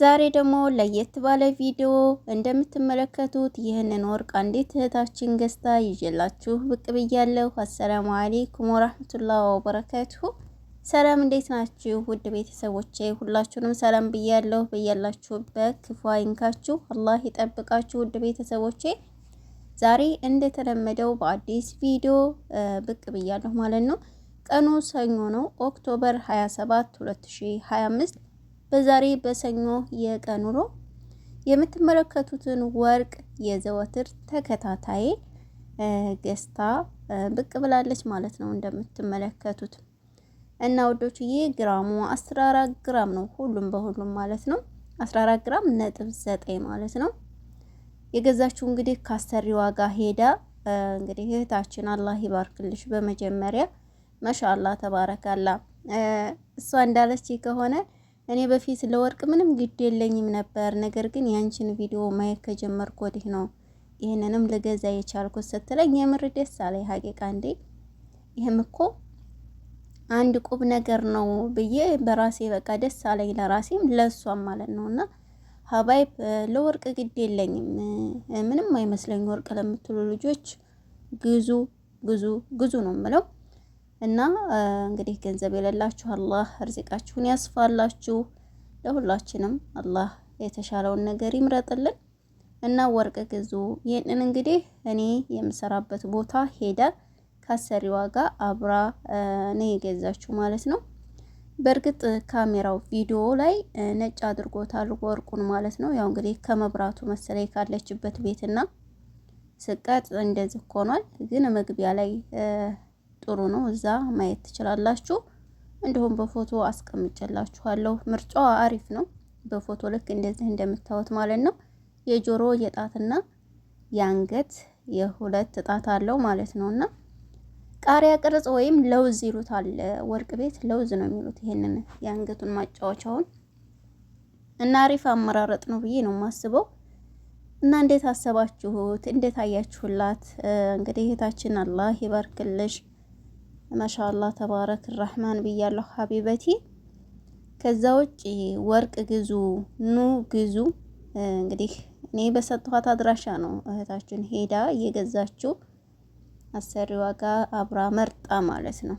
ዛሬ ደግሞ ለየት ባለ ቪዲዮ እንደምትመለከቱት ይህንን ወርቅ አንዲት እህታችን ገዝታ ይዤላችሁ ብቅ ብያለሁ። አሰላሙ አሌይኩም ወራህመቱላህ ወበረካቱሁ። ሰላም እንዴት ናችሁ ውድ ቤተሰቦቼ? ሁላችሁንም ሰላም ብያለሁ። በያላችሁበት ክፉ አይንካችሁ፣ አላህ ይጠብቃችሁ። ውድ ቤተሰቦቼ ዛሬ እንደተለመደው በአዲስ ቪዲዮ ብቅ ብያለሁ ማለት ነው። ቀኑ ሰኞ ነው ኦክቶበር 27 2025 በዛሬ በሰኞ የቀን ውሎ የምትመለከቱትን ወርቅ የዘወትር ተከታታይ ገዝታ ብቅ ብላለች ማለት ነው። እንደምትመለከቱት እና ወዶች ይህ ግራሙ 14 ግራም ነው። ሁሉም በሁሉም ማለት ነው 14 ግራም ነጥብ 9 ማለት ነው። የገዛችው እንግዲህ ካሰሪ ዋጋ ሄዳ እንግዲህ እህታችን አላህ ይባርክልሽ። በመጀመሪያ ማሻአላህ ተባረካላ እሷ እንዳለች ከሆነ እኔ በፊት ለወርቅ ምንም ግድ የለኝም ነበር። ነገር ግን ያንቺን ቪዲዮ ማየት ከጀመርኩ ወዲህ ነው ይህንንም ልገዛ የቻልኩት ስትለኝ የምር ደስ አለኝ። ሀቂቃ እንዴ ይህም እኮ አንድ ቁብ ነገር ነው ብዬ በራሴ በቃ ደስ አለኝ፣ ለራሴም ለእሷም ማለት ነው። እና ሀባይ ለወርቅ ግድ የለኝም ምንም አይመስለኝ ወርቅ ለምትሉ ልጆች ግዙ ግዙ ግዙ ነው የምለው። እና እንግዲህ ገንዘብ የሌላችሁ አላህ እርዚቃችሁን ያስፋላችሁ። ለሁላችንም አላህ የተሻለውን ነገር ይምረጥልን እና ወርቅ ግዙ። ይህንን እንግዲህ እኔ የምሰራበት ቦታ ሄደ ካሰሪዋ ጋር አብራ እኔ የገዛችሁ ማለት ነው። በእርግጥ ካሜራው ቪዲዮ ላይ ነጭ አድርጎታል ወርቁን ማለት ነው። ያው እንግዲህ ከመብራቱ መሰለኝ ካለችበት ቤትና ስቀጥ እንደዚህ ሆኗል። ግን መግቢያ ላይ ጥሩ ነው። እዛ ማየት ትችላላችሁ። እንዲሁም በፎቶ አስቀምጨላችኋለሁ። ምርጫዋ አሪፍ ነው። በፎቶ ልክ እንደዚህ እንደምታዩት ማለት ነው። የጆሮ የጣትና የአንገት የሁለት ጣት አለው ማለት ነውና ቃሪያ ቅርጽ ወይም ለውዝ ይሉታል። ወርቅ ቤት ለውዝ ነው የሚሉት ይሄንን የአንገቱን ማጫወቻውን እና አሪፍ አመራረጥ ነው ብዬ ነው የማስበው። እና እንዴት አሰባችሁት? እንዴት አያችሁላት? እንግዲህ እህታችን አላህ ይባርክልሽ። ማሻአላ ተባረክ ራህማን ብያለሁ ሀቢበቲ። ከዛ ውጭ ወርቅ ግዙ ኑ ግዙ። እንግዲህ እኔ በሰጠኋት አድራሻ ነው እህታችን ሄዳ እየገዛችው አሰሪዋ ጋር አብራ መርጣ ማለት ነው።